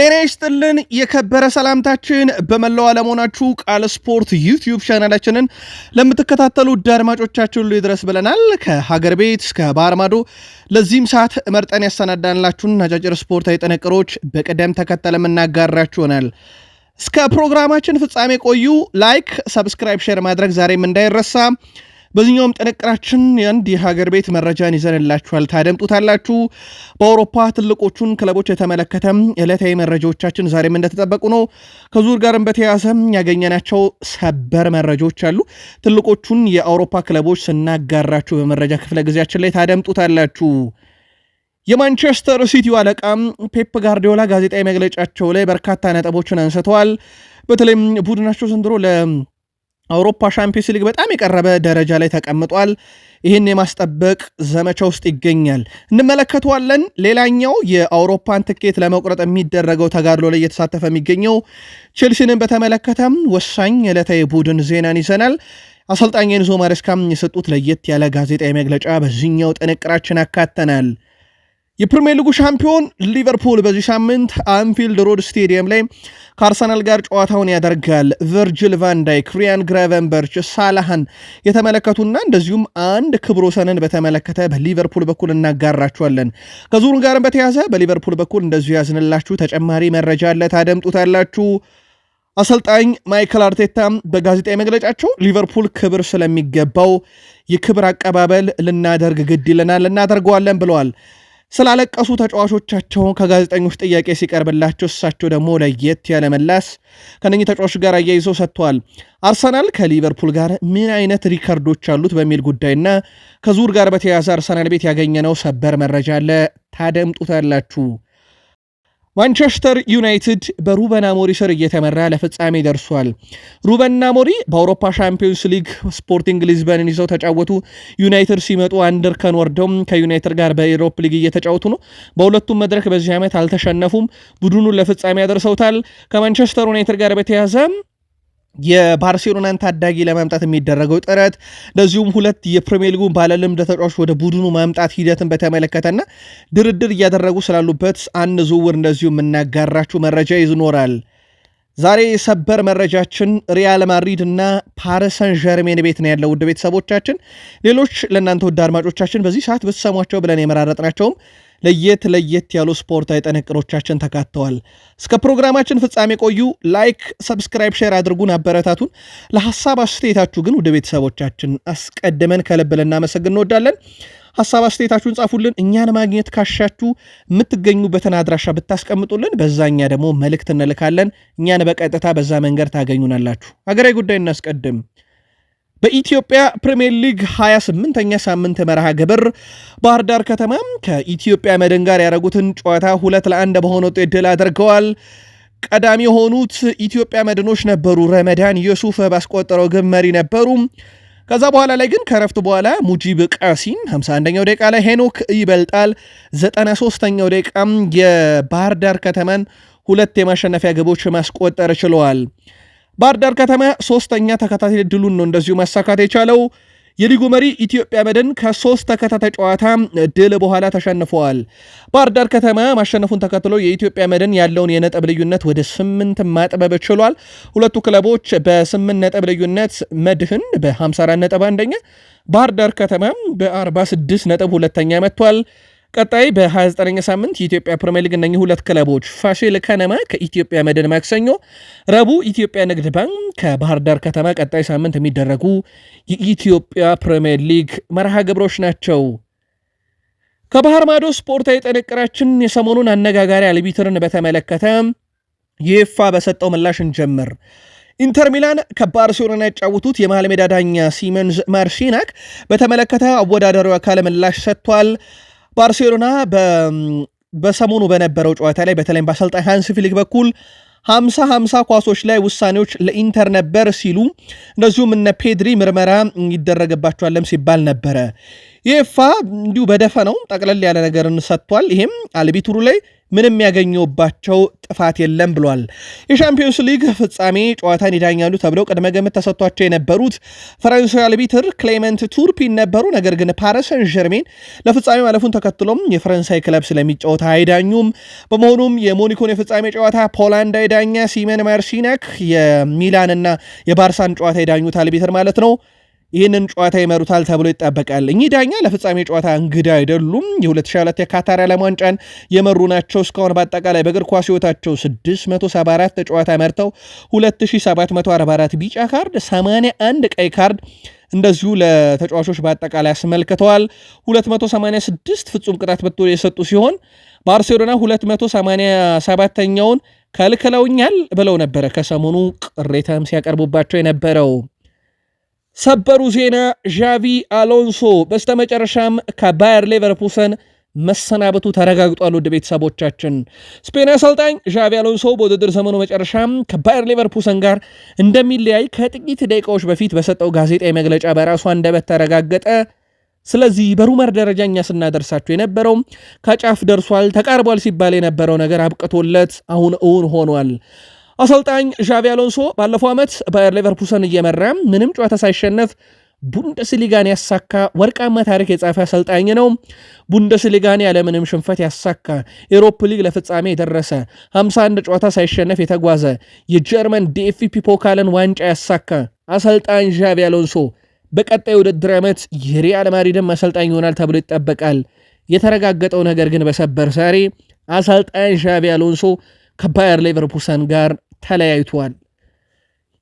ጤና ይስጥልን የከበረ ሰላምታችን በመላው አለመሆናችሁ ቃል ስፖርት ዩቲዩብ ቻናላችንን ለምትከታተሉ ውድ አድማጮቻችን ሁሉ ይድረስ ብለናል። ከሀገር ቤት እስከ ባህር ማዶ ለዚህም ሰዓት መርጠን ያሰናዳንላችሁን አጫጭር ስፖርታዊ ጥንቅሮች በቅደም ተከተል የምናጋራችሁ ይሆናል። እስከ ፕሮግራማችን ፍጻሜ ቆዩ። ላይክ፣ ሰብስክራይብ፣ ሼር ማድረግ ዛሬም እንዳይረሳ። በዚህኛውም ጥንቅራችን አንድ የሀገር ቤት መረጃን ይዘንላችኋል፣ ታደምጡታላችሁ። በአውሮፓ ትልቆቹን ክለቦች የተመለከተ ዕለታዊ መረጃዎቻችን ዛሬም እንደተጠበቁ ነው። ከዙር ጋርም በተያያዘ ያገኘናቸው ሰበር መረጃዎች አሉ። ትልቆቹን የአውሮፓ ክለቦች ስናጋራችሁ በመረጃ ክፍለ ጊዜያችን ላይ ታደምጡታላችሁ። የማንቸስተር ሲቲው አለቃ ፔፕ ጋርዲዮላ ጋዜጣዊ መግለጫቸው ላይ በርካታ ነጥቦችን አንስተዋል። በተለይም ቡድናቸው ዘንድሮ ለ አውሮፓ ሻምፒዮንስ ሊግ በጣም የቀረበ ደረጃ ላይ ተቀምጧል። ይህን የማስጠበቅ ዘመቻ ውስጥ ይገኛል። እንመለከተዋለን። ሌላኛው የአውሮፓን ትኬት ለመቁረጥ የሚደረገው ተጋድሎ ላይ እየተሳተፈ የሚገኘው ቼልሲንን በተመለከተም ወሳኝ ዕለታዊ ቡድን ዜናን ይዘናል። አሰልጣኝ ኤንዞ ማሬስካም የሰጡት ለየት ያለ ጋዜጣዊ መግለጫ በዚህኛው ጥንቅራችን አካተናል። የፕሪሚየር ሊጉ ሻምፒዮን ሊቨርፑል በዚህ ሳምንት አንፊልድ ሮድ ስቴዲየም ላይ ከአርሰናል ጋር ጨዋታውን ያደርጋል። ቨርጅል ቫንዳይ፣ ክሪያን ግራቨንበርች፣ ሳላሃን የተመለከቱና እንደዚሁም አንድ ክብሮ ሰንን በተመለከተ በሊቨርፑል በኩል እናጋራችኋለን። ከዙሩ ጋርም በተያዘ በሊቨርፑል በኩል እንደዚሁ ያዝንላችሁ ተጨማሪ መረጃ አለ፣ ታደምጡታላችሁ። አሰልጣኝ ማይክል አርቴታ በጋዜጣዊ መግለጫቸው ሊቨርፑል ክብር ስለሚገባው የክብር አቀባበል ልናደርግ ግድ ይለናል፣ እናደርገዋለን ብለዋል። ስላለቀሱ ተጫዋቾቻቸውን ከጋዜጠኞች ጥያቄ ሲቀርብላቸው እሳቸው ደግሞ ለየት ያለ ምላሽ ከነኚህ ተጫዋቾች ጋር አያይዘው ሰጥተዋል። አርሰናል ከሊቨርፑል ጋር ምን አይነት ሪከርዶች አሉት በሚል ጉዳይና ከዙር ጋር በተያያዘ አርሰናል ቤት ያገኘነው ሰበር መረጃ አለ። ታደምጡታላችሁ። ማንቸስተር ዩናይትድ በሩበን አሞሪ ስር እየተመራ ለፍጻሜ ደርሷል። ሩበን አሞሪ በአውሮፓ ሻምፒዮንስ ሊግ ስፖርቲንግ ሊዝበንን ይዘው ተጫወቱ። ዩናይትድ ሲመጡ አንድ እርከን ወርደውም ከዩናይትድ ጋር በኤሮፕ ሊግ እየተጫወቱ ነው። በሁለቱም መድረክ በዚህ ዓመት አልተሸነፉም። ቡድኑን ለፍጻሜ ያደርሰውታል። ከማንቸስተር ዩናይትድ ጋር በተያያዘ የባርሴሎናን ታዳጊ ለማምጣት የሚደረገው ጥረት እንደዚሁም ሁለት የፕሪሚየር ሊጉን ባለልምድ ተጫዋች ወደ ቡድኑ ማምጣት ሂደትን በተመለከተና ድርድር እያደረጉ ስላሉበት አንድ ዝውውር እንደዚሁ የምናጋራችሁ መረጃ ይኖራል። ዛሬ የሰበር መረጃችን ሪያል ማድሪድ እና ፓሪሰን ዠርሜን ቤት ነው ያለው። ውድ ቤተሰቦቻችን፣ ሌሎች ለእናንተ ውድ አድማጮቻችን በዚህ ሰዓት ብትሰሟቸው ብለን የመራረጥ ናቸውም። ለየት ለየት ያሉ ስፖርታዊ ጥንቅሮቻችን ተካተዋል። እስከ ፕሮግራማችን ፍጻሜ ቆዩ። ላይክ፣ ሰብስክራይብ፣ ሼር አድርጉን፣ አበረታቱን። ለሀሳብ አስተያየታችሁ ግን ወደ ቤተሰቦቻችን አስቀድመን ከልብ ልናመሰግን እንወዳለን። ሀሳብ አስተያየታችሁን ጻፉልን። እኛን ማግኘት ካሻችሁ የምትገኙበትን አድራሻ ብታስቀምጡልን በዛኛ ደግሞ መልእክት እንልካለን። እኛን በቀጥታ በዛ መንገድ ታገኙናላችሁ። ሀገራዊ ጉዳይ እናስቀድም። በኢትዮጵያ ፕሪምየር ሊግ 28ኛ ሳምንት መርሃ ግብር ባህር ዳር ከተማ ከኢትዮጵያ መድን ጋር ያደረጉትን ጨዋታ ሁለት ለአንድ በሆነ ውጤት ድል አድርገዋል። ቀዳሚ የሆኑት ኢትዮጵያ መድኖች ነበሩ። ረመዳን ዩሱፍ ባስቆጠረው ግብ መሪ ነበሩ። ከዛ በኋላ ላይ ግን ከረፍት በኋላ ሙጂብ ቃሲም 51ኛው ደቂቃ ላይ፣ ሄኖክ ይበልጣል 93ኛው ደቂቃም የባህር ዳር ከተማን ሁለት የማሸነፊያ ግቦች ማስቆጠር ችለዋል። ባህር ዳር ከተማ ሶስተኛ ተከታታይ ድሉን ነው እንደዚሁ ማሳካት የቻለው። የሊጉ መሪ ኢትዮጵያ መድን ከሶስት ተከታታይ ጨዋታ ድል በኋላ ተሸንፈዋል። ባህር ዳር ከተማ ማሸነፉን ተከትሎ የኢትዮጵያ መድን ያለውን የነጥብ ልዩነት ወደ ስምንት ማጥበብ ችሏል። ሁለቱ ክለቦች በስምንት ነጥብ ልዩነት መድህን በ54 ነጥብ አንደኛ፣ ባህር ዳር ከተማ በ46 ነጥብ ሁለተኛ መጥቷል። ቀጣይ በ29ኛ ሳምንት የኢትዮጵያ ፕሪምየር ሊግ እነኚህ ሁለት ክለቦች ፋሲል ከነማ ከኢትዮጵያ መድን ማክሰኞ፣ ረቡዕ ኢትዮጵያ ንግድ ባንክ ከባህር ዳር ከተማ ቀጣይ ሳምንት የሚደረጉ የኢትዮጵያ ፕሪምየር ሊግ መርሃ ግብሮች ናቸው። ከባህር ማዶ ስፖርታዊ ጥንቅራችን የሰሞኑን አነጋጋሪ አልቢትርን በተመለከተ ይፋ በሰጠው ምላሽ እንጀምር። ኢንተር ሚላን ከባርሴሎና ያጫወቱት የመሃል ሜዳ ዳኛ ሲመንዝ ማርሲናክ በተመለከተ አወዳዳሪው አካል ምላሽ ሰጥቷል። ባርሴሎና በሰሞኑ በነበረው ጨዋታ ላይ በተለይም በአሰልጣኝ ሃንስ ፊሊክ በኩል ሀምሳ ሀምሳ ኳሶች ላይ ውሳኔዎች ለኢንተር ነበር ሲሉ እንደዚሁም እነ ፔድሪ ምርመራ ይደረግባቸዋለም ሲባል ነበረ። የኤፋ እንዲሁ በደፈነው ጠቅለል ያለ ነገርን ሰጥቷል። ይሄም አልቢቱሩ ላይ ምንም ያገኘውባቸው ጥፋት የለም ብሏል። የሻምፒዮንስ ሊግ ፍጻሜ ጨዋታን ይዳኛሉ ተብለው ቅድመ ግምት ተሰጥቷቸው የነበሩት ፈረንሳዊ አልቢትር ክሌመንት ቱርፒን ነበሩ። ነገር ግን ፓረሰን ጀርሜን ለፍጻሜ ማለፉን ተከትሎም የፈረንሳይ ክለብ ስለሚጫወት አይዳኙም። በመሆኑም የሞኒኮን የፍጻሜ ጨዋታ ፖላንዳዊ ዳኛ ሲመን ማርሲናክ የሚላንና የባርሳን ጨዋታ ይዳኙት አልቢትር ማለት ነው። ይህንን ጨዋታ ይመሩታል ተብሎ ይጠበቃል። እኚህ ዳኛ ለፍጻሜ ጨዋታ እንግዳ አይደሉም። የ2002 የካታር ዓለም ዋንጫን የመሩ ናቸው። እስካሁን በአጠቃላይ በእግር ኳስ ህይወታቸው 674 ጨዋታ መርተው 2744 ቢጫ ካርድ፣ 81 ቀይ ካርድ እንደዚሁ ለተጫዋቾች በአጠቃላይ አስመልክተዋል። 286 ፍጹም ቅጣት ምት የሰጡ ሲሆን ባርሴሎና 287ኛውን ከልክለውኛል ብለው ነበረ ከሰሞኑ ቅሬታም ሲያቀርቡባቸው የነበረው ሰበሩ ዜና ዣቪ አሎንሶ በስተመጨረሻም ከባየር ሌቨርኩሰን መሰናበቱ ተረጋግጧል። ውድ ቤተሰቦቻችን ስፔን አሰልጣኝ ዣቪ አሎንሶ በውድድር ዘመኑ መጨረሻም ከባየር ሌቨርኩሰን ጋር እንደሚለያይ ከጥቂት ደቂቃዎች በፊት በሰጠው ጋዜጣዊ መግለጫ በራሱ አንደበት ተረጋገጠ። ስለዚህ በሩመር ደረጃ እኛ ስናደርሳቸው የነበረው ከጫፍ ደርሷል፣ ተቃርቧል ሲባል የነበረው ነገር አብቅቶለት አሁን እውን ሆኗል። አሰልጣኝ ዣቪ አሎንሶ ባለፈው ዓመት ባየር ሌቨርኩሰን እየመራ ምንም ጨዋታ ሳይሸነፍ ቡንደስሊጋን ያሳካ ወርቃማ ታሪክ የጻፈ አሰልጣኝ ነው። ቡንደስሊጋን ያለምንም ሽንፈት ያሳካ፣ ኤሮፕ ሊግ ለፍጻሜ የደረሰ፣ 51 ጨዋታ ሳይሸነፍ የተጓዘ፣ የጀርመን ዲኤፍፒ ፖካልን ዋንጫ ያሳካ አሰልጣኝ ዣቪ አሎንሶ በቀጣይ ውድድር ዓመት የሪያል ማድሪድም አሰልጣኝ ይሆናል ተብሎ ይጠበቃል። የተረጋገጠው ነገር ግን በሰበር ዛሬ አሰልጣኝ ዣቪ አሎንሶ ከባየር ሌቨርኩሰን ጋር ተለያይቷል።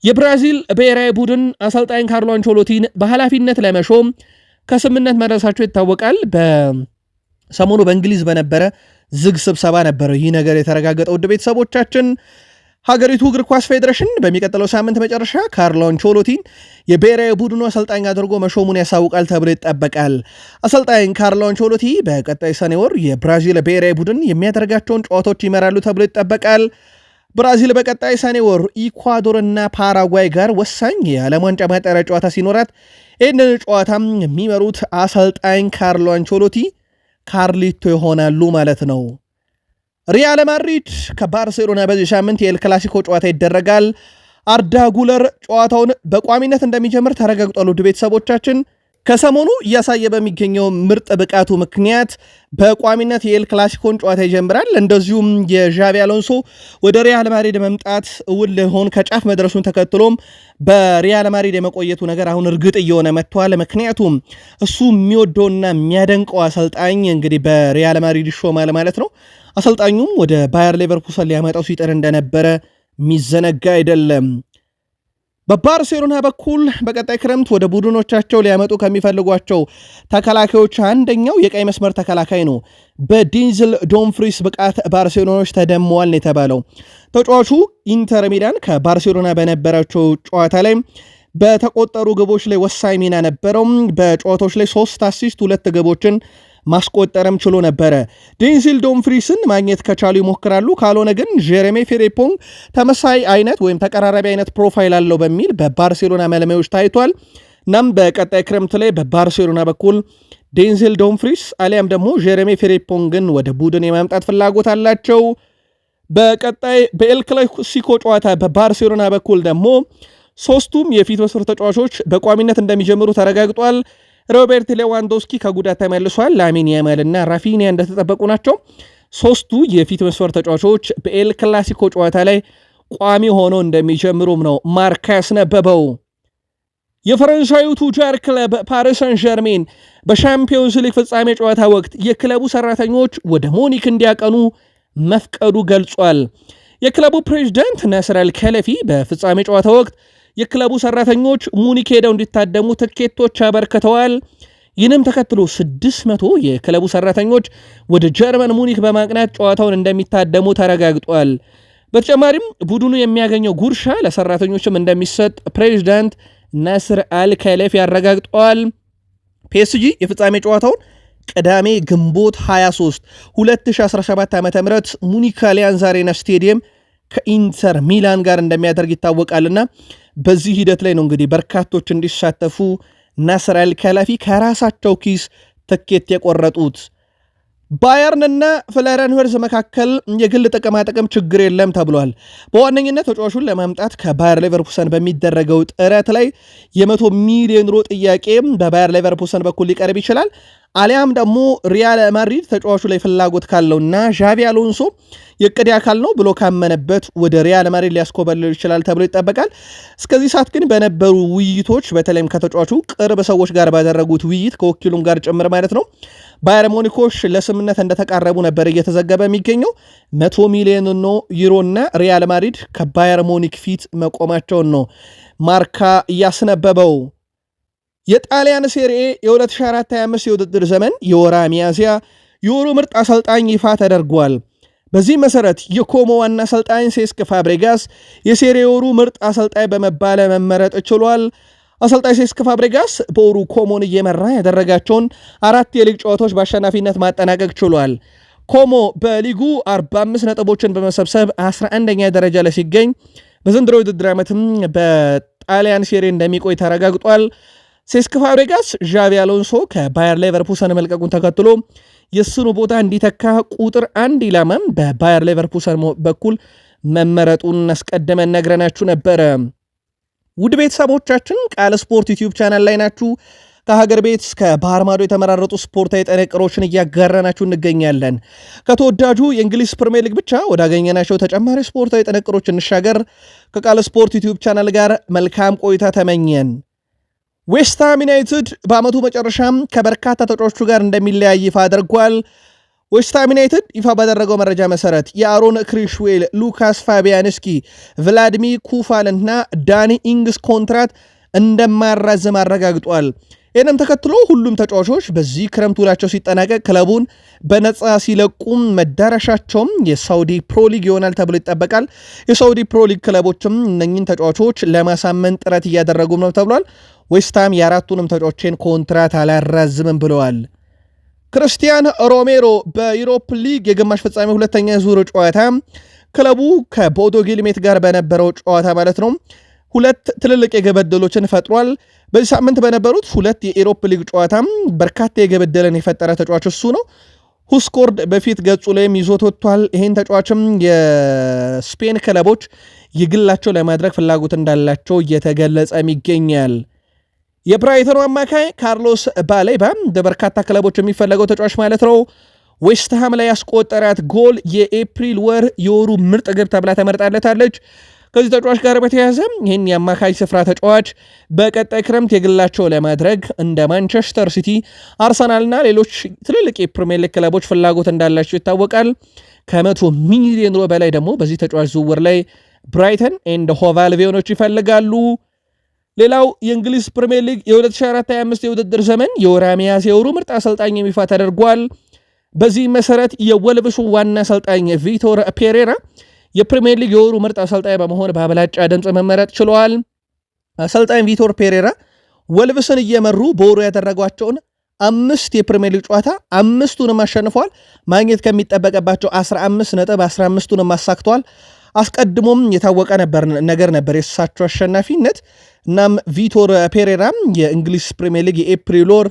የብራዚል ብሔራዊ ቡድን አሰልጣኝ ካርሎ አንቾሎቲን በኃላፊነት ለመሾም ከስምነት መድረሳቸው ይታወቃል። በሰሞኑ በእንግሊዝ በነበረ ዝግ ስብሰባ ነበረ ይህ ነገር የተረጋገጠ። ውድ ቤተሰቦቻችን ሀገሪቱ እግር ኳስ ፌዴሬሽን በሚቀጥለው ሳምንት መጨረሻ ካርሎ አንቾሎቲን የብሔራዊ ቡድኑ አሰልጣኝ አድርጎ መሾሙን ያሳውቃል ተብሎ ይጠበቃል። አሰልጣኝ ካርሎ አንቾሎቲ በቀጣይ ሰኔ ወር የብራዚል ብሔራዊ ቡድን የሚያደርጋቸውን ጨዋታዎች ይመራሉ ተብሎ ይጠበቃል። ብራዚል በቀጣይ ሰኔ ወር ኢኳዶርና ፓራጓይ ጋር ወሳኝ የዓለም ዋንጫ ማጣሪያ ጨዋታ ሲኖራት ይህንን ጨዋታም የሚመሩት አሰልጣኝ ካርሎ አንቾሎቲ ካርሊቶ ይሆናሉ ማለት ነው። ሪያል ማድሪድ ከባርሴሎና በዚህ ሳምንት የኤል ክላሲኮ ጨዋታ ይደረጋል። አርዳ ጉለር ጨዋታውን በቋሚነት እንደሚጀምር ተረጋግጧል። ውድ ቤተሰቦቻችን ከሰሞኑ እያሳየ በሚገኘው ምርጥ ብቃቱ ምክንያት በቋሚነት የኤል ክላሲኮን ጨዋታ ይጀምራል። እንደዚሁም የዣቢ አሎንሶ ወደ ሪያል ማድሪድ መምጣት እውን ሊሆን ከጫፍ መድረሱን ተከትሎም በሪያል ማድሪድ የመቆየቱ ነገር አሁን እርግጥ እየሆነ መጥተዋል። ምክንያቱም እሱ የሚወደውና የሚያደንቀው አሰልጣኝ እንግዲህ በሪያል ማድሪድ ይሾማል ማለት ነው። አሰልጣኙም ወደ ባየር ሌቨርኩሰን ሊያመጣው ሲጥር እንደነበረ የሚዘነጋ አይደለም። በባርሴሎና በኩል በቀጣይ ክረምት ወደ ቡድኖቻቸው ሊያመጡ ከሚፈልጓቸው ተከላካዮች አንደኛው የቀይ መስመር ተከላካይ ነው። በዲንዝል ዶምፍሪስ ብቃት ባርሴሎናዎች ተደመዋል ነው የተባለው። ተጫዋቹ ኢንተር ሚላን ከባርሴሎና በነበራቸው ጨዋታ ላይ በተቆጠሩ ግቦች ላይ ወሳኝ ሚና ነበረው። በጨዋታዎች ላይ ሶስት አሲስት፣ ሁለት ግቦችን ማስቆጠርም ችሎ ነበረ። ዴንዚል ዶምፍሪስን ማግኘት ከቻሉ ይሞክራሉ። ካልሆነ ግን ጀሬሜ ፌሬፖንግ ተመሳይ አይነት ወይም ተቀራራቢ አይነት ፕሮፋይል አለው በሚል በባርሴሎና መለመዎች ታይቷል። እናም በቀጣይ ክረምት ላይ በባርሴሎና በኩል ዴንዚል ዶምፍሪስ አሊያም ደግሞ ጀሬሜ ፌሬፖንግን ወደ ቡድን የማምጣት ፍላጎት አላቸው። በቀጣይ በኤል ጨዋታ በባርሴሎና በኩል ደግሞ ሶስቱም የፊት መስመር ተጫዋቾች በቋሚነት እንደሚጀምሩ ተረጋግጧል። ሮቤርት ሌዋንዶስኪ ከጉዳት ተመልሷል። ላሚን ያማልና ራፊኒያ እንደተጠበቁ ናቸው። ሶስቱ የፊት መስመር ተጫዋቾች በኤል ክላሲኮ ጨዋታ ላይ ቋሚ ሆኖ እንደሚጀምሩም ነው ማርካ ያስነበበው። የፈረንሳዩ ቱጃር ክለብ ፓሪስ ሰን ዠርሜን በሻምፒዮንስ ሊግ ፍጻሜ ጨዋታ ወቅት የክለቡ ሰራተኞች ወደ ሞኒክ እንዲያቀኑ መፍቀዱ ገልጿል። የክለቡ ፕሬዚዳንት ናስር ከለፊ በፍጻሜ ጨዋታ ወቅት የክለቡ ሰራተኞች ሙኒክ ሄደው እንዲታደሙ ትኬቶች አበርክተዋል። ይህንም ተከትሎ 600 የክለቡ ሰራተኞች ወደ ጀርመን ሙኒክ በማቅናት ጨዋታውን እንደሚታደሙ ተረጋግጧል። በተጨማሪም ቡድኑ የሚያገኘው ጉርሻ ለሰራተኞችም እንደሚሰጥ ፕሬዚዳንት ናስር አል ከሌፍ ያረጋግጠዋል። ፒኤስጂ የፍጻሜ ጨዋታውን ቅዳሜ ግንቦት 23 2017 ዓ ም ሙኒክ አሊያንዝ አሬና ስቴዲየም ከኢንተር ሚላን ጋር እንደሚያደርግ ይታወቃልና በዚህ ሂደት ላይ ነው እንግዲህ በርካቶች እንዲሳተፉ ናስር ካላፊ ከራሳቸው ኪስ ትኬት የቆረጡት። ባየርንና ፍለረን መካከል የግል ጥቅማጥቅም ችግር የለም ተብሏል። በዋነኝነት ተጫዋቹን ለማምጣት ከባየር ሌቨርኩሰን በሚደረገው ጥረት ላይ የመቶ ሚሊዮን ሮ ጥያቄ በባየር ሌቨርኩሰን በኩል ሊቀርብ ይችላል። አሊያም ደግሞ ሪያል ማድሪድ ተጫዋቹ ላይ ፍላጎት ካለውና ዣቪ አሎንሶ የቅድ አካል ነው ብሎ ካመነበት ወደ ሪያል ማድሪድ ሊያስኮበልል ይችላል ተብሎ ይጠበቃል። እስከዚህ ሰዓት ግን በነበሩ ውይይቶች፣ በተለይም ከተጫዋቹ ቅርብ ሰዎች ጋር ባደረጉት ውይይት ከወኪሉም ጋር ጭምር ማለት ነው ባየር ሞኒኮሽ ለስምነት እንደተቃረቡ ነበር እየተዘገበ የሚገኘው መቶ ሚሊዮን ኖ ዩሮና ሪያል ማድሪድ ከባየር ሞኒክ ፊት መቆማቸውን ነው ማርካ እያስነበበው። የጣሊያን ሴሪኤ የ2024/25 የውድድር ዘመን የወራ ሚያዝያ የወሩ ምርጥ አሰልጣኝ ይፋ ተደርጓል። በዚህ መሰረት የኮሞ ዋና አሰልጣኝ ሴስክ ፋብሬጋስ የሴሪኤ የወሩ ምርጥ አሰልጣኝ በመባል መመረጥ ችሏል። አሰልጣኝ ሴስክ ፋብሬጋስ በወሩ ኮሞን እየመራ ያደረጋቸውን አራት የሊግ ጨዋታዎች በአሸናፊነት ማጠናቀቅ ችሏል። ኮሞ በሊጉ 45 ነጥቦችን በመሰብሰብ 11ኛ ደረጃ ላይ ሲገኝ በዘንድሮ ውድድር ዓመትም በጣሊያን ሴሬ እንደሚቆይ ተረጋግጧል። ሴስክ ፋብሬጋስ ዣቪ አሎንሶ ከባየር ሌቨርፑሰን መልቀቁን ተከትሎ የእሱኑ ቦታ እንዲተካ ቁጥር አንድ ኢላማም በባየር ሌቨርፑሰን በኩል መመረጡን አስቀድመን ነግረናችሁ ነበረ። ውድ ቤተሰቦቻችን ቃል ስፖርት ዩቲዩብ ቻናል ላይ ናችሁ። ከሀገር ቤት እስከ ባህር ማዶ የተመራረጡ ስፖርታዊ ጥንቅሮችን እያጋራናችሁ እንገኛለን። ከተወዳጁ የእንግሊዝ ፕሪምየር ሊግ ብቻ ወዳገኘናቸው ተጨማሪ ስፖርታዊ ጥንቅሮች እንሻገር። ከቃል ስፖርት ዩቲዩብ ቻናል ጋር መልካም ቆይታ ተመኘን። ዌስትሃም ዩናይትድ በዓመቱ መጨረሻም ከበርካታ ተጫዋቹ ጋር እንደሚለያይ ይፋ አድርጓል። ዌስትሃም ዩናይትድ ይፋ ባደረገው መረጃ መሰረት የአሮን ክሪሽዌል፣ ሉካስ ፋቢያንስኪ፣ ቭላድሚር ኩፋል እና ዳኒ ኢንግስ ኮንትራት እንደማራዝም አረጋግጧል። ይህንም ተከትሎ ሁሉም ተጫዋቾች በዚህ ክረምት ውላቸው ሲጠናቀቅ ክለቡን በነፃ ሲለቁም መዳረሻቸውም የሳውዲ ፕሮሊግ ይሆናል ተብሎ ይጠበቃል። የሳውዲ ፕሮሊግ ክለቦችም እነኝን ተጫዋቾች ለማሳመን ጥረት እያደረጉም ነው ተብሏል። ዌስትሃም የአራቱንም ተጫዋቾችን ኮንትራት አላራዝምም ብለዋል። ክርስቲያን ሮሜሮ በዩሮፕ ሊግ የግማሽ ፍጻሜ ሁለተኛ ዙር ጨዋታ ክለቡ ከቦዶ ጊልሜት ጋር በነበረው ጨዋታ ማለት ነው ሁለት ትልልቅ የግብ ዕድሎችን ፈጥሯል። በዚህ ሳምንት በነበሩት ሁለት የኢሮፕ ሊግ ጨዋታ በርካታ የግብ ዕድልን የፈጠረ ተጫዋች እሱ ነው። ሁስኮርድ በፊት ገጹ ላይም ይዞት ወጥቷል። ይህን ተጫዋችም የስፔን ክለቦች የግላቸው ለማድረግ ፍላጎት እንዳላቸው እየተገለጸም ይገኛል። የብራይተኑ አማካይ ካርሎስ ባሌባ በርካታ ክለቦች የሚፈለገው ተጫዋች ማለት ነው። ዌስትሃም ላይ ያስቆጠራት ጎል የኤፕሪል ወር የወሩ ምርጥ ግብ ተብላ ተመርጣለታለች። ከዚህ ተጫዋች ጋር በተያያዘ ይህን የአማካይ ስፍራ ተጫዋች በቀጣይ ክረምት የግላቸው ለማድረግ እንደ ማንቸስተር ሲቲ፣ አርሰናልና ሌሎች ትልልቅ የፕሪሚየር ሊግ ክለቦች ፍላጎት እንዳላቸው ይታወቃል። ከመቶ ሚሊዮን ሮ በላይ ደግሞ በዚህ ተጫዋች ዝውውር ላይ ብራይተን ኤንድ ሆቫልቬዮኖች ይፈልጋሉ። ሌላው የእንግሊዝ ፕሪምየር ሊግ የ2425 የውድድር ዘመን የወርሃ ሚያዝያ የወሩ ምርጥ አሰልጣኝ የሚፋ ተደርጓል። በዚህ መሰረት የወልብሱ ዋና አሰልጣኝ ቪቶር ፔሬራ የፕሪምየር ሊግ የወሩ ምርጥ አሰልጣኝ በመሆን በአብላጫ ድምፅ መመረጥ ችለዋል። አሰልጣኝ ቪቶር ፔሬራ ወልብስን እየመሩ በወሩ ያደረጓቸውን አምስት የፕሪምየር ሊግ ጨዋታ አምስቱንም አሸንፏል። ማግኘት ከሚጠበቅባቸው 15 ነጥብ 15ቱንም አሳክተዋል። አስቀድሞም የታወቀ ነገር ነበር የእሳቸው አሸናፊነት። እናም ቪቶር ፔሬራም የእንግሊዝ ፕሪምየር ሊግ የኤፕሪል ወር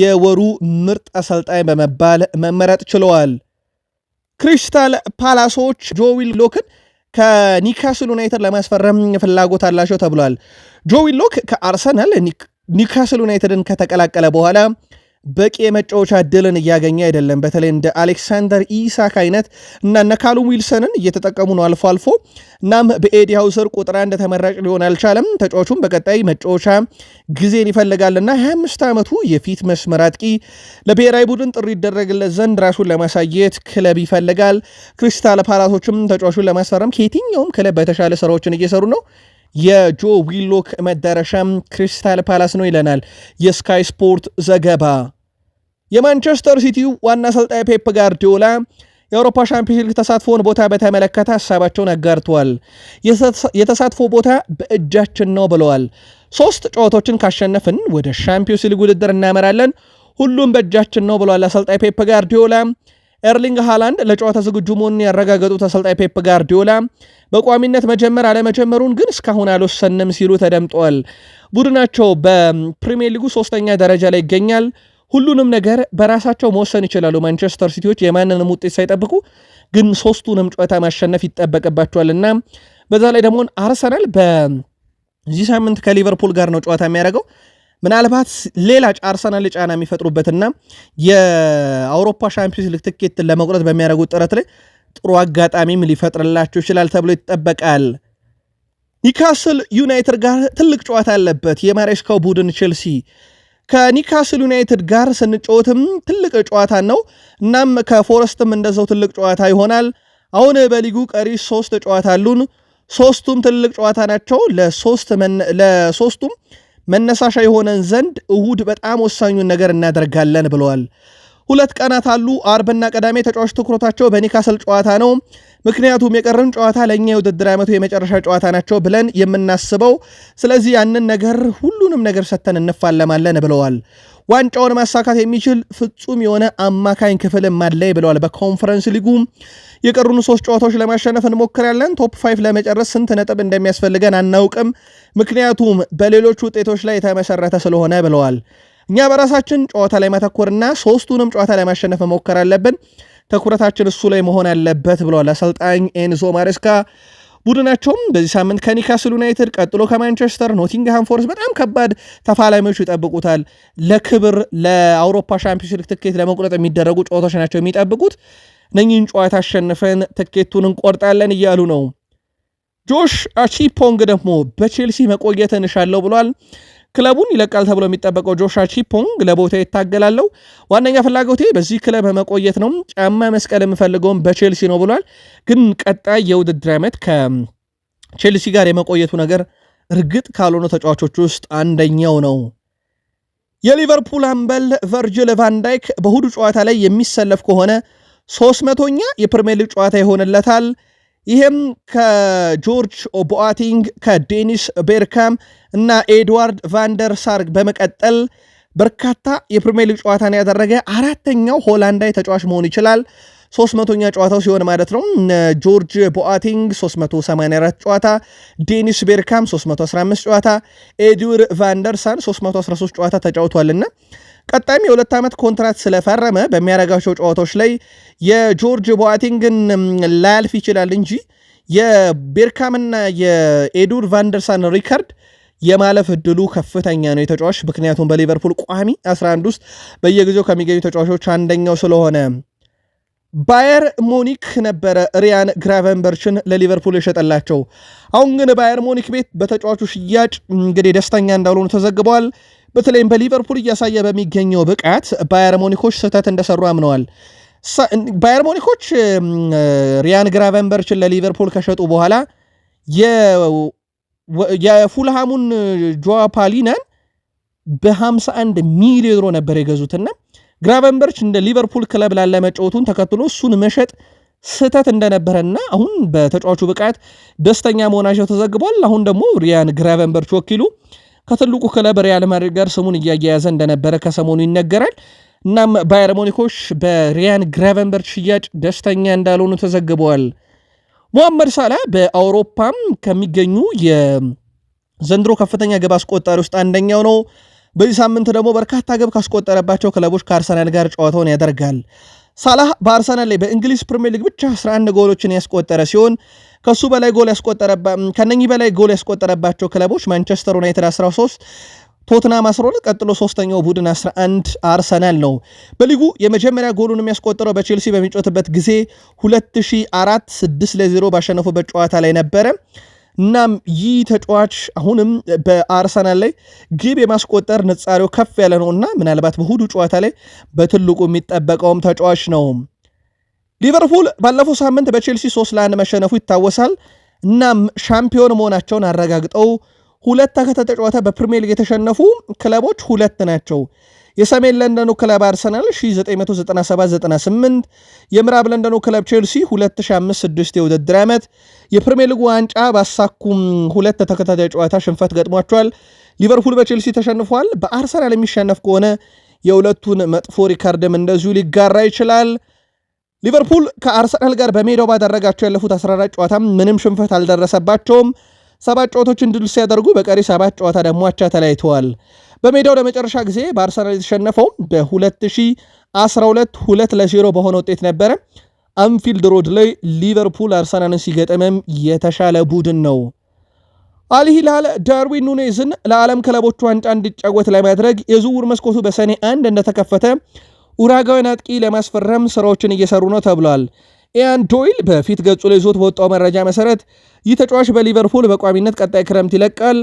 የወሩ ምርጥ አሰልጣኝ በመባል መመረጥ ችለዋል። ክሪስታል ፓላሶች ጆዊል ሎክን ከኒካስል ዩናይትድ ለማስፈረም ፍላጎት አላቸው ተብሏል። ጆዊል ሎክ ከአርሰናል ኒካስል ዩናይትድን ከተቀላቀለ በኋላ በቂ የመጫወቻ እድልን እያገኘ አይደለም። በተለይ እንደ አሌክሳንደር ኢሳክ አይነት እና እነ ካሉም ዊልሰንን እየተጠቀሙ ነው አልፎ አልፎ። እናም በኤዲ ሃውሰር ቁጥር አንድ ተመራጭ ሊሆን አልቻለም። ተጫዋቹም በቀጣይ መጫወቻ ጊዜን ይፈልጋልና 25 ዓመቱ የፊት መስመር አጥቂ ለብሔራዊ ቡድን ጥሪ ይደረግለት ዘንድ ራሱን ለማሳየት ክለብ ይፈልጋል። ክሪስታል ፓላሶችም ተጫዋቹን ለማስፈረም ከየትኛውም ክለብ በተሻለ ስራዎችን እየሰሩ ነው። የጆ ዊሎክ መዳረሻም ክሪስታል ፓላስ ነው ይለናል የስካይ ስፖርት ዘገባ። የማንቸስተር ሲቲው ዋና አሰልጣኝ ፔፕ ጋርዲዮላ የአውሮፓ ሻምፒዮንስ ሊግ ተሳትፎውን ቦታ በተመለከተ ሀሳባቸውን አጋርተዋል። የተሳትፎ ቦታ በእጃችን ነው ብለዋል። ሶስት ጨዋታዎችን ካሸነፍን ወደ ሻምፒዮንስ ሊግ ውድድር እናመራለን። ሁሉም በእጃችን ነው ብለዋል አሰልጣኝ ፔፕ ጋርዲዮላ። ኤርሊንግ ሃላንድ ለጨዋታ ዝግጁ መሆኑን ያረጋገጡት አሰልጣኝ ፔፕ ጋርዲዮላ በቋሚነት መጀመር አለመጀመሩን ግን እስካሁን አልወሰንም ሲሉ ተደምጠዋል። ቡድናቸው በፕሪሚየር ሊጉ ሶስተኛ ደረጃ ላይ ይገኛል። ሁሉንም ነገር በራሳቸው መወሰን ይችላሉ። ማንቸስተር ሲቲዎች የማንንም ውጤት ሳይጠብቁ ግን ሶስቱንም ጨዋታ ማሸነፍ ይጠበቅባቸዋል እና በዛ ላይ ደግሞ አርሰናል በዚህ ሳምንት ከሊቨርፑል ጋር ነው ጨዋታ የሚያደርገው። ምናልባት ሌላ አርሰናል ጫና የሚፈጥሩበትና የአውሮፓ ሻምፒዮንስ ሊግ ትኬትን ለመቁረጥ በሚያደርጉት ጥረት ላይ ጥሩ አጋጣሚም ሊፈጥርላቸው ይችላል ተብሎ ይጠበቃል። ኒካስል ዩናይትድ ጋር ትልቅ ጨዋታ አለበት የማሬስካው ቡድን ቼልሲ ከኒካስል ዩናይትድ ጋር ስንጫወትም ትልቅ ጨዋታ ነው። እናም ከፎረስትም እንደዛው ትልቅ ጨዋታ ይሆናል። አሁን በሊጉ ቀሪ ሶስት ጨዋታ አሉን። ሶስቱም ትልቅ ጨዋታ ናቸው። ለሶስቱም መነሳሻ የሆነን ዘንድ እሁድ በጣም ወሳኙን ነገር እናደርጋለን ብለዋል። ሁለት ቀናት አሉ። አርብና ቅዳሜ ተጫዋች ትኩረታቸው በኒካስል ጨዋታ ነው። ምክንያቱም የቀረን ጨዋታ ለእኛ የውድድር ዓመቱ የመጨረሻ ጨዋታ ናቸው ብለን የምናስበው ስለዚህ ያንን ነገር ሁሉንም ነገር ሰጥተን እንፋለማለን ብለዋል። ዋንጫውን ማሳካት የሚችል ፍጹም የሆነ አማካኝ ክፍልም አለ ብለዋል። በኮንፈረንስ ሊጉ የቀሩን ሶስት ጨዋታዎች ለማሸነፍ እንሞክራለን። ቶፕ ፋይቭ ለመጨረስ ስንት ነጥብ እንደሚያስፈልገን አናውቅም። ምክንያቱም በሌሎች ውጤቶች ላይ የተመሰረተ ስለሆነ ብለዋል። እኛ በራሳችን ጨዋታ ላይ መተኮርና ሶስቱንም ጨዋታ ላይ ማሸነፍ መሞከር አለብን። ትኩረታችን እሱ ላይ መሆን አለበት ብለዋል አሰልጣኝ ኤንዞ ማሬስካ። ቡድናቸውም በዚህ ሳምንት ከኒካስል ዩናይትድ ቀጥሎ ከማንቸስተር፣ ኖቲንግሃም ፎርስ በጣም ከባድ ተፋላሚዎች ይጠብቁታል። ለክብር ለአውሮፓ ሻምፒዮንስ ሊግ ትኬት ለመቁረጥ የሚደረጉ ጨዋታዎች ናቸው የሚጠብቁት። ነኝን ጨዋታ አሸንፈን ትኬቱን እንቆርጣለን እያሉ ነው ጆሽ አቺፖንግ ደግሞ በቼልሲ መቆየትን እሻለሁ ብሏል። ክለቡን ይለቃል ተብሎ የሚጠበቀው ጆሽ አቺፖንግ ለቦታ ይታገላለው። ዋነኛ ፍላጎቴ በዚህ ክለብ መቆየት ነው። ጫማ መስቀል የምፈልገውም በቼልሲ ነው ብሏል። ግን ቀጣይ የውድድር ዓመት ከቼልሲ ጋር የመቆየቱ ነገር እርግጥ ካልሆኑ ተጫዋቾች ውስጥ አንደኛው ነው። የሊቨርፑል አምበል ቨርጅል ቫንዳይክ በሁዱ ጨዋታ ላይ የሚሰለፍ ከሆነ ሶስት መቶኛ የፕሪምየር ሊግ ጨዋታ ይሆንለታል። ይህም ከጆርጅ ቦአቲንግ ከዴኒስ ቤርካም እና ኤድዋርድ ቫንደር በመቀጠል በርካታ የፕሪሚየር ሊግ ጨዋታን ያደረገ አራተኛው ሆላንዳዊ ተጫዋች መሆን ይችላል። 300ኛ ጨዋታው ሲሆን ማለት ነው። ጆርጅ ቦአቲንግ 384 ጨዋታ፣ ዴኒስ ቤርካም 315 ጨዋታ፣ ኤድዩር ቫንደርሳን 313 ጨዋታ ተጫውቷልና ቀጣይም የሁለት ዓመት ኮንትራት ስለፈረመ በሚያደርጋቸው ጨዋታዎች ላይ የጆርጅ ቦአቲንግን ላያልፍ ይችላል እንጂ የቤርካምና የኤዱር ቫንደርሳን ሪከርድ የማለፍ እድሉ ከፍተኛ ነው የተጫዋች ምክንያቱም በሊቨርፑል ቋሚ 11 ውስጥ በየጊዜው ከሚገኙ ተጫዋቾች አንደኛው ስለሆነ። ባየር ሙኒክ ነበረ ሪያን ግራቨንበርችን ለሊቨርፑል የሸጠላቸው። አሁን ግን ባየር ሙኒክ ቤት በተጫዋቹ ሽያጭ እንግዲህ ደስተኛ እንዳልሆኑ ተዘግበዋል። በተለይም በሊቨርፑል እያሳየ በሚገኘው ብቃት ባየር ሞኒኮች ስህተት እንደሰሩ አምነዋል። ባየር ሞኒኮች ሪያን ግራቨንበርችን ለሊቨርፑል ከሸጡ በኋላ የፉልሃሙን ጆዋ ፓሊናን በ51 ሚሊዮን ዩሮ ነበር የገዙትና ግራቨንበርች እንደ ሊቨርፑል ክለብ ላለ መጫወቱን ተከትሎ እሱን መሸጥ ስህተት እንደነበረና አሁን በተጫዋቹ ብቃት ደስተኛ መሆናቸው ተዘግቧል። አሁን ደግሞ ሪያን ግራቨንበርች ወኪሉ ከትልቁ ክለብ ሪያል ማድሪድ ጋር ስሙን እያያያዘ እንደነበረ ከሰሞኑ ይነገራል። እናም ባየር ሞኒኮች በሪያን ግራቨንበርች ሽያጭ ደስተኛ እንዳልሆኑ ተዘግበዋል። ሞሐመድ ሳላ በአውሮፓም ከሚገኙ የዘንድሮ ከፍተኛ ግብ አስቆጣሪ ውስጥ አንደኛው ነው። በዚህ ሳምንት ደግሞ በርካታ ግብ ካስቆጠረባቸው ክለቦች ከአርሰናል ጋር ጨዋታውን ያደርጋል። ሳላህ በአርሰናል ላይ በእንግሊዝ ፕሪምየር ሊግ ብቻ 11 ጎሎችን ያስቆጠረ ሲሆን ከሱ በላይ ጎል ያስቆጠረባ ከነኚህ በላይ ጎል ያስቆጠረባቸው ክለቦች ማንቸስተር ዩናይትድ 13 ቶትናም 12 ቀጥሎ ሶስተኛው ቡድን 11 አርሰናል ነው። በሊጉ የመጀመሪያ ጎሉን የሚያስቆጠረው በቼልሲ በሚጮትበት ጊዜ 2004 6 ለ0 ባሸነፉበት ጨዋታ ላይ ነበረ። እናም ይህ ተጫዋች አሁንም በአርሰናል ላይ ግብ የማስቆጠር ንጻሬው ከፍ ያለ ነው እና ምናልባት በሁዱ ጨዋታ ላይ በትልቁ የሚጠበቀውም ተጫዋች ነው። ሊቨርፑል ባለፈው ሳምንት በቼልሲ 3 ለ1 መሸነፉ ይታወሳል። እናም ሻምፒዮን መሆናቸውን አረጋግጠው ሁለት ተከታታይ ጨዋታ በፕሪሚየር ሊግ የተሸነፉ ክለቦች ሁለት ናቸው። የሰሜን ለንደኑ ክለብ አርሰናል 1997/98 የምዕራብ ለንደኑ ክለብ ቼልሲ 2005/06 የውድድር ዓመት የፕሪሚየር ሊግ ዋንጫ ባሳኩም ሁለት ተከታታይ ጨዋታ ሽንፈት ገጥሟቸዋል። ሊቨርፑል በቼልሲ ተሸንፏል። በአርሰናል የሚሸነፍ ከሆነ የሁለቱን መጥፎ ሪካርድም እንደዚሁ ሊጋራ ይችላል። ሊቨርፑል ከአርሰናል ጋር በሜዳው ባደረጋቸው ያለፉት 14 ጨዋታ ምንም ሽንፈት አልደረሰባቸውም። ሰባት ጨዋታዎችን ድል ሲያደርጉ በቀሪ ሰባት ጨዋታ ደግሞ አቻ ተለያይተዋል። በሜዳው ለመጨረሻ ጊዜ በአርሰናል የተሸነፈው በ2012 ሁለት ለዜሮ በሆነ ውጤት ነበረ። አንፊልድ ሮድ ላይ ሊቨርፑል አርሰናልን ሲገጥምም የተሻለ ቡድን ነው። አልሂላል ዳርዊን ኑኔዝን ለዓለም ክለቦች ዋንጫ እንዲጫወት ለማድረግ የዝውውር መስኮቱ በሰኔ አንድ እንደተከፈተ ኡራጋዊን አጥቂ ለማስፈረም ስራዎችን እየሰሩ ነው ተብሏል። ኢያን ዶይል በፊት ገጹ ላይ ይዞት በወጣው መረጃ መሰረት ይህ ተጫዋች በሊቨርፑል በቋሚነት ቀጣይ ክረምት ይለቃል።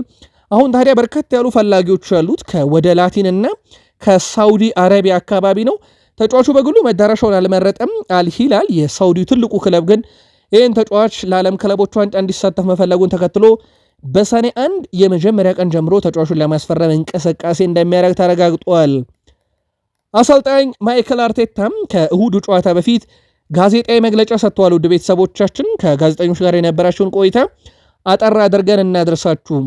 አሁን ታዲያ በርከት ያሉ ፈላጊዎች ያሉት ከወደ ላቲን እና ከሳውዲ አረቢያ አካባቢ ነው። ተጫዋቹ በግሉ መዳረሻውን አልመረጠም። አልሂላል የሳውዲ ትልቁ ክለብ ግን ይህን ተጫዋች ለዓለም ክለቦች ዋንጫ እንዲሳተፍ መፈለጉን ተከትሎ በሰኔ አንድ የመጀመሪያ ቀን ጀምሮ ተጫዋቹን ለማስፈረም እንቅስቃሴ እንደሚያደርግ ተረጋግጧል። አሰልጣኝ ማይክል አርቴታም ከእሁዱ ጨዋታ በፊት ጋዜጣዊ መግለጫ ሰጥተዋል። ውድ ቤተሰቦቻችን ከጋዜጠኞች ጋር የነበራቸውን ቆይታ አጠር አድርገን እናደርሳችሁ።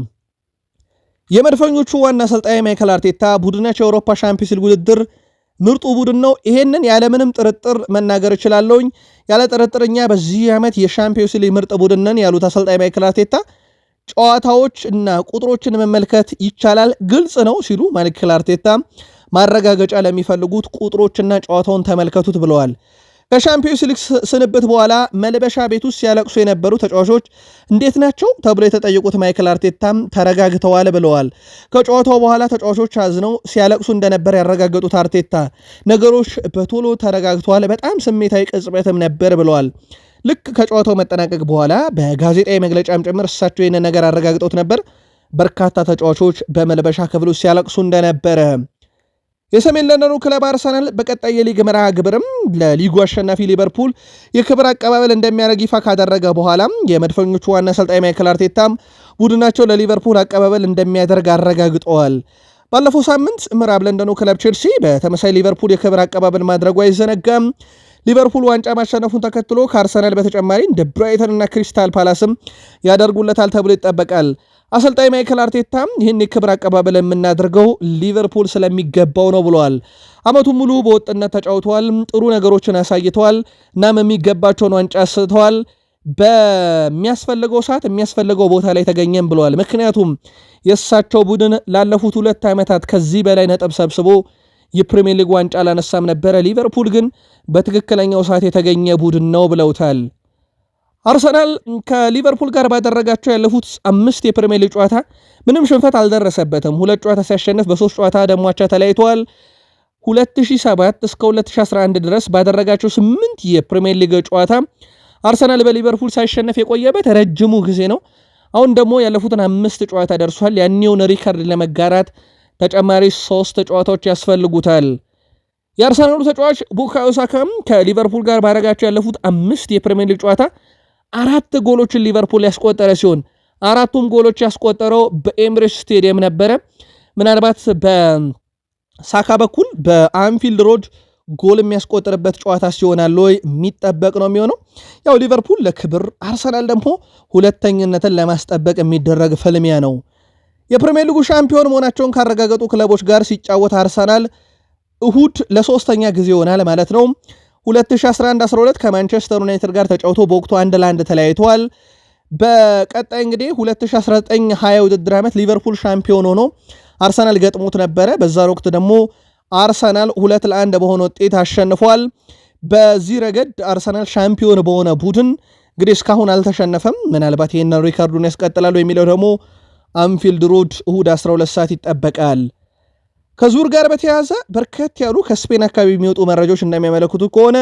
የመድፈኞቹ ዋና አሰልጣኝ ማይክል አርቴታ ቡድናቸው የአውሮፓ ሻምፒዮንስ ሊግ ውድድር ምርጡ ቡድን ነው። ይሄንን ያለምንም ጥርጥር መናገር እችላለሁኝ። ያለ ጥርጥር እኛ በዚህ ዓመት የሻምፒዮንስ ሊግ ምርጥ ቡድን ነን ያሉት አሰልጣኝ ማይክል አርቴታ ጨዋታዎች እና ቁጥሮችን መመልከት ይቻላል፣ ግልጽ ነው ሲሉ ማይክል አርቴታ ማረጋገጫ ለሚፈልጉት ቁጥሮችና ጨዋታውን ተመልከቱት ብለዋል። ከሻምፒዮንስ ሊግ ስንብት በኋላ መልበሻ ቤት ውስጥ ሲያለቅሱ የነበሩ ተጫዋቾች እንዴት ናቸው ተብሎ የተጠየቁት ማይክል አርቴታም ተረጋግተዋል ብለዋል። ከጨዋታው በኋላ ተጫዋቾች አዝነው ሲያለቅሱ እንደነበር ያረጋገጡት አርቴታ ነገሮች በቶሎ ተረጋግተዋል፣ በጣም ስሜታዊ ቅጽበትም ነበር ብለዋል። ልክ ከጨዋታው መጠናቀቅ በኋላ በጋዜጣዊ መግለጫም ጭምር እሳቸው ይህንን ነገር አረጋግጠውት ነበር። በርካታ ተጫዋቾች በመልበሻ ክፍል ውስጥ ሲያለቅሱ እንደነበረ የሰሜን ለንደኑ ክለብ አርሰናል በቀጣይ የሊግ መርሃ ግብርም ለሊጉ አሸናፊ ሊቨርፑል የክብር አቀባበል እንደሚያደርግ ይፋ ካደረገ በኋላም የመድፈኞቹ ዋና አሰልጣኝ ማይክል አርቴታም ቡድናቸው ለሊቨርፑል አቀባበል እንደሚያደርግ አረጋግጠዋል። ባለፈው ሳምንት ምዕራብ ለንደኑ ክለብ ቼልሲ በተመሳይ ሊቨርፑል የክብር አቀባበል ማድረጉ አይዘነጋም። ሊቨርፑል ዋንጫ ማሸነፉን ተከትሎ ከአርሰናል በተጨማሪ እንደ ብራይተን እና ክሪስታል ፓላስም ያደርጉለታል ተብሎ ይጠበቃል። አሰልጣኝ ማይክል አርቴታ ይህን የክብር አቀባበል የምናደርገው ሊቨርፑል ስለሚገባው ነው ብለዋል። አመቱ ሙሉ በወጥነት ተጫውተዋል፣ ጥሩ ነገሮችን አሳይተዋል፣ እናም የሚገባቸውን ዋንጫ ስተዋል። በሚያስፈልገው ሰዓት የሚያስፈልገው ቦታ ላይ ተገኘም ብለዋል። ምክንያቱም የእሳቸው ቡድን ላለፉት ሁለት ዓመታት ከዚህ በላይ ነጥብ ሰብስቦ የፕሪሚየር ሊግ ዋንጫ አላነሳም ነበረ። ሊቨርፑል ግን በትክክለኛው ሰዓት የተገኘ ቡድን ነው ብለውታል። አርሰናል ከሊቨርፑል ጋር ባደረጋቸው ያለፉት አምስት የፕሪሚየር ሊግ ጨዋታ ምንም ሽንፈት አልደረሰበትም። ሁለት ጨዋታ ሲያሸንፍ በሶስት ጨዋታ ደግሞ አቻ ተለያይተዋል። 2007 እስከ 2011 ድረስ ባደረጋቸው ስምንት የፕሪሚየር ሊግ ጨዋታ አርሰናል በሊቨርፑል ሳይሸነፍ የቆየበት ረጅሙ ጊዜ ነው። አሁን ደግሞ ያለፉትን አምስት ጨዋታ ደርሷል። ያኔውን ሪከርድ ለመጋራት ተጨማሪ ሶስት ጨዋታዎች ያስፈልጉታል። የአርሰናሉ ተጫዋች ቡካዮ ሳካም ከሊቨርፑል ጋር ባደረጋቸው ያለፉት አምስት የፕሪሚየር ሊግ ጨዋታ አራት ጎሎችን ሊቨርፑል ያስቆጠረ ሲሆን አራቱም ጎሎች ያስቆጠረው በኤምሬስ ስቴዲየም ነበረ። ምናልባት በሳካ በኩል በአንፊልድ ሮድ ጎል የሚያስቆጥርበት ጨዋታ ሲሆናል ወይ የሚጠበቅ ነው የሚሆነው። ያው ሊቨርፑል ለክብር አርሰናል ደግሞ ሁለተኝነትን ለማስጠበቅ የሚደረግ ፍልሚያ ነው። የፕሪሚየር ሊጉ ሻምፒዮን መሆናቸውን ካረጋገጡ ክለቦች ጋር ሲጫወት አርሰናል እሁድ ለሶስተኛ ጊዜ ይሆናል ማለት ነው። 2011-12 ከማንቸስተር ዩናይትድ ጋር ተጫውቶ በወቅቱ አንድ ለአንድ ተለያይተዋል። በቀጣይ እንግዲህ 2019-20 ውድድር ዓመት ሊቨርፑል ሻምፒዮን ሆኖ አርሰናል ገጥሞት ነበረ። በዛ ወቅት ደግሞ አርሰናል ሁለት ለአንድ በሆነ ውጤት አሸንፏል። በዚህ ረገድ አርሰናል ሻምፒዮን በሆነ ቡድን እንግዲህ እስካሁን አልተሸነፈም። ምናልባት ይህንን ሪካርዱን ያስቀጥላሉ የሚለው ደግሞ አንፊልድ ሮድ እሁድ 12 ሰዓት ይጠበቃል። ከዙር ጋር በተያያዘ በርከት ያሉ ከስፔን አካባቢ የሚወጡ መረጃዎች እንደሚያመለክቱ ከሆነ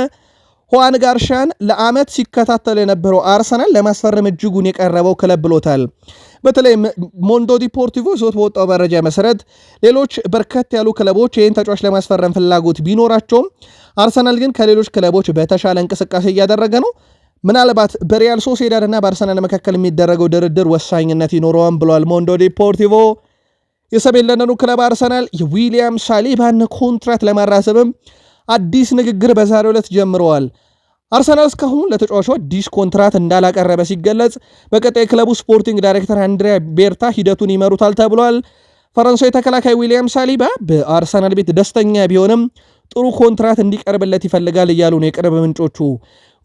ሁዋን ጋርሻን ለዓመት ሲከታተል የነበረው አርሰናል ለማስፈረም እጅጉን የቀረበው ክለብ ብሎታል። በተለይ ሞንዶ ዲፖርቲቮ ይዞት በወጣው መረጃ መሰረት ሌሎች በርከት ያሉ ክለቦች ይህን ተጫዋች ለማስፈረም ፍላጎት ቢኖራቸውም አርሰናል ግን ከሌሎች ክለቦች በተሻለ እንቅስቃሴ እያደረገ ነው። ምናልባት በሪያል ሶሴዳድ እና በአርሰናል መካከል የሚደረገው ድርድር ወሳኝነት ይኖረዋም ብሏል ሞንዶ ዲፖርቲቮ። የሰሜን ለንደኑ ክለብ አርሰናል የዊሊያም ሳሊባን ኮንትራት ለማራዘምም አዲስ ንግግር በዛሬው ዕለት ጀምረዋል። አርሰናል እስካሁን ለተጫዋቹ አዲስ ኮንትራት እንዳላቀረበ ሲገለጽ፣ በቀጣይ ክለቡ ስፖርቲንግ ዳይሬክተር አንድሪያ ቤርታ ሂደቱን ይመሩታል ተብሏል። ፈረንሳዊ ተከላካይ ዊሊያም ሳሊባ በአርሰናል ቤት ደስተኛ ቢሆንም ጥሩ ኮንትራት እንዲቀርብለት ይፈልጋል እያሉ ነው የቅርብ ምንጮቹ።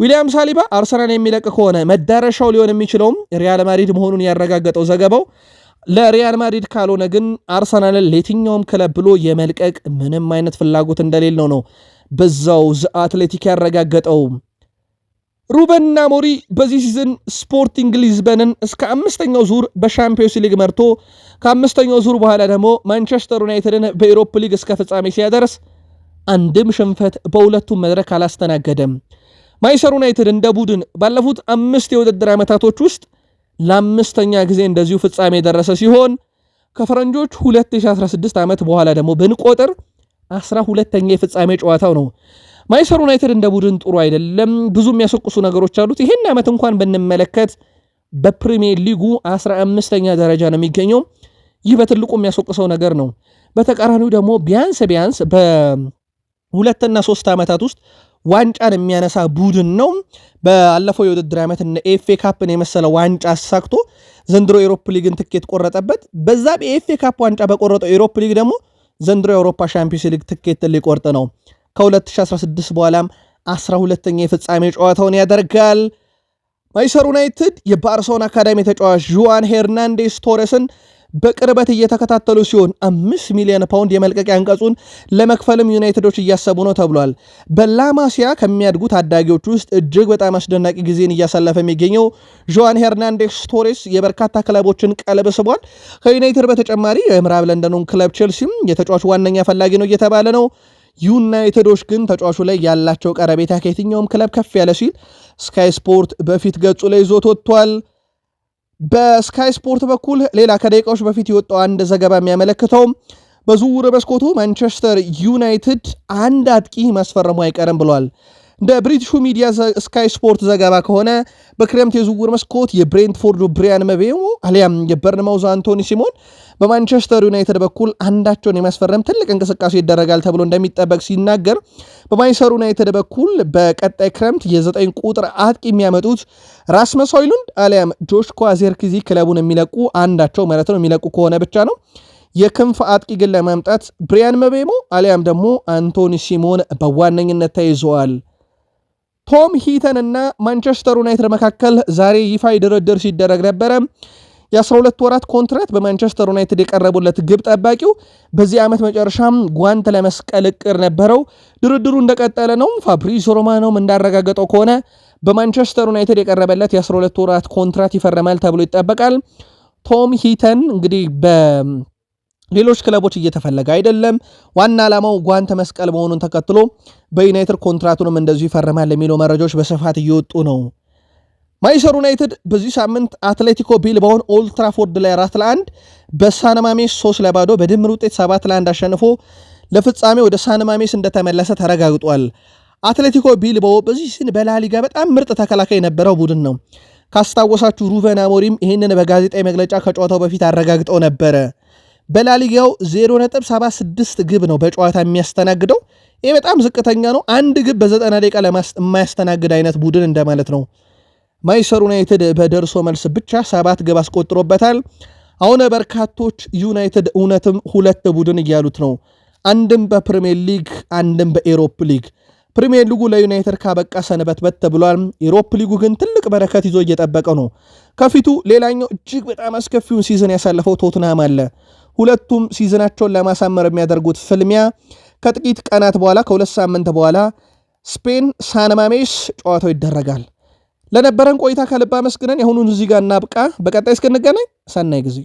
ዊሊያም ሳሊባ አርሰናል የሚለቅ ከሆነ መዳረሻው ሊሆን የሚችለውም ሪያል ማድሪድ መሆኑን ያረጋገጠው ዘገባው ለሪያል ማድሪድ ካልሆነ ግን አርሰናልን ለየትኛውም ክለብ ብሎ የመልቀቅ ምንም አይነት ፍላጎት እንደሌለው ነው በዛው ዘ አትሌቲክ ያረጋገጠው። ሩበን አሞሪ በዚህ ሲዝን ስፖርቲንግ ሊዝበንን እስከ አምስተኛው ዙር በሻምፒዮንስ ሊግ መርቶ ከአምስተኛው ዙር በኋላ ደግሞ ማንቸስተር ዩናይትድን በኤሮፕ ሊግ እስከ ፍጻሜ ሲያደርስ አንድም ሽንፈት በሁለቱም መድረክ አላስተናገደም። ማይሰር ዩናይትድ እንደ ቡድን ባለፉት አምስት የውድድር ዓመታቶች ውስጥ ለአምስተኛ ጊዜ እንደዚሁ ፍጻሜ የደረሰ ሲሆን ከፈረንጆች 2016 ዓመት በኋላ ደግሞ ብንቆጥር 12ተኛ የፍጻሜ ጨዋታው ነው። ማይሰር ዩናይትድ እንደ ቡድን ጥሩ አይደለም። ብዙ የሚያስወቅሱ ነገሮች አሉት። ይህን ዓመት እንኳን ብንመለከት በፕሪሚየር ሊጉ 15ተኛ ደረጃ ነው የሚገኘው። ይህ በትልቁ የሚያስወቅሰው ነገር ነው። በተቃራኒው ደግሞ ቢያንስ ቢያንስ በሁለትና ሶስት ዓመታት ውስጥ ዋንጫን የሚያነሳ ቡድን ነው። ባለፈው የውድድር ዓመት እነ ኤፍኤ ካፕን የመሰለ ዋንጫ አሳክቶ ዘንድሮ ኤሮፕ ሊግን ትኬት ቆረጠበት። በዛ የኤፍኤ ካፕ ዋንጫ በቆረጠው ኤሮፕ ሊግ ደግሞ ዘንድሮ የአውሮፓ ሻምፒዮንስ ሊግ ትኬት ሊቆርጥ ነው። ከ2016 በኋላም 12ተኛ የፍጻሜ ጨዋታውን ያደርጋል። ማይሰር ዩናይትድ የባርሰሎና አካዳሚ ተጫዋች ዥዋን ሄርናንዴስ ቶሬስን በቅርበት እየተከታተሉ ሲሆን አምስት ሚሊዮን ፓውንድ የመልቀቂያ አንቀጹን ለመክፈልም ዩናይትዶች እያሰቡ ነው ተብሏል። በላማሲያ ከሚያድጉ ታዳጊዎች ውስጥ እጅግ በጣም አስደናቂ ጊዜን እያሳለፈ የሚገኘው ዦዋን ሄርናንዴስ ቶሬስ የበርካታ ክለቦችን ቀልብ ስቧል። ከዩናይትድ በተጨማሪ የምዕራብ ለንደኑን ክለብ ቼልሲም የተጫዋቹ ዋነኛ ፈላጊ ነው እየተባለ ነው። ዩናይትዶች ግን ተጫዋቹ ላይ ያላቸው ቀረቤታ ከየትኛውም ክለብ ከፍ ያለ ሲል ስካይ ስፖርት በፊት ገጹ ላይ ይዞት ወጥቷል። በስካይ ስፖርት በኩል ሌላ ከደቂቃዎች በፊት የወጣው አንድ ዘገባ የሚያመለክተው በዝውውር መስኮቱ ማንቸስተር ዩናይትድ አንድ አጥቂ ማስፈረሙ አይቀርም ብሏል። እንደ ብሪቲሹ ሚዲያ ስካይ ስፖርት ዘገባ ከሆነ በክረምት የዝውውር መስኮት የብሬንትፎርዱ ብሪያን መቤሞ አሊያም የበርንማውዝ አንቶኒ ሲሞን በማንቸስተር ዩናይትድ በኩል አንዳቸውን የማስፈረም ትልቅ እንቅስቃሴ ይደረጋል ተብሎ እንደሚጠበቅ ሲናገር፣ በማንቸስተር ዩናይትድ በኩል በቀጣይ ክረምት የዘጠኝ ቁጥር አጥቂ የሚያመጡት ራስመስ ሆይሉንድ አሊያም ጆሽኳ ዜርክዚ ክለቡን የሚለቁ አንዳቸው ማለት ነው የሚለቁ ከሆነ ብቻ ነው። የክንፍ አጥቂ ግን ለማምጣት ብሪያን መቤሞ አሊያም ደግሞ አንቶኒ ሲሞን በዋነኝነት ተይዘዋል። ቶም ሂተን እና ማንቸስተር ዩናይትድ መካከል ዛሬ ይፋ ድርድር ሲደረግ ነበረ። የ12 ወራት ኮንትራት በማንቸስተር ዩናይትድ የቀረቡለት ግብ ጠባቂው በዚህ ዓመት መጨረሻም ጓንት ለመስቀል እቅድ ነበረው። ድርድሩ እንደቀጠለ ነው። ፋብሪዞ ሮማኖም እንዳረጋገጠው ከሆነ በማንቸስተር ዩናይትድ የቀረበለት የ12 ወራት ኮንትራት ይፈረማል ተብሎ ይጠበቃል። ቶም ሂተን እንግዲህ በ ሌሎች ክለቦች እየተፈለገ አይደለም። ዋና ዓላማው ጓንተ መስቀል መሆኑን ተከትሎ በዩናይትድ ኮንትራቱንም እንደዚሁ ይፈርማል የሚለው መረጃዎች በስፋት እየወጡ ነው። ማይሰር ዩናይትድ በዚህ ሳምንት አትሌቲኮ ቢልባውን ኦልትራፎርድ ላይ አራት ለአንድ በሳንማሜስ ሶስት ለባዶ በድምር ውጤት ሰባት ለአንድ አሸንፎ ለፍጻሜ ወደ ሳንማሜስ እንደተመለሰ ተረጋግጧል። አትሌቲኮ ቢልባኦ በዚህ ሲን በላሊጋ በጣም ምርጥ ተከላካይ የነበረው ቡድን ነው። ካስታወሳችሁ ሩቨን አሞሪም ይህንን በጋዜጣዊ መግለጫ ከጨዋታው በፊት አረጋግጠው ነበረ። በላሊጋው 0.76 ግብ ነው በጨዋታ የሚያስተናግደው። ይህ በጣም ዝቅተኛ ነው። አንድ ግብ በ90 ደቂቃ የማያስተናግድ አይነት ቡድን እንደማለት ነው። ማይሰር ዩናይትድ በደርሶ መልስ ብቻ ሰባት ግብ አስቆጥሮበታል። አሁን በርካቶች ዩናይትድ እውነትም ሁለት ቡድን እያሉት ነው። አንድም በፕሪሚየር ሊግ አንድም በኤሮፕ ሊግ። ፕሪሚየር ሊጉ ለዩናይትድ ካበቃ ሰንበትበት ብሏል። ኤሮፕ ሊጉ ግን ትልቅ በረከት ይዞ እየጠበቀ ነው። ከፊቱ ሌላኛው እጅግ በጣም አስከፊውን ሲዝን ያሳለፈው ቶትናም አለ። ሁለቱም ሲዝናቸውን ለማሳመር የሚያደርጉት ፍልሚያ ከጥቂት ቀናት በኋላ ከሁለት ሳምንት በኋላ ስፔን ሳንማሜስ ጨዋታው ይደረጋል። ለነበረን ቆይታ ከልብ አመስግነን የአሁኑን እዚህ ጋር እናብቃ። በቀጣይ እስክንገናኝ ሰናይ ጊዜ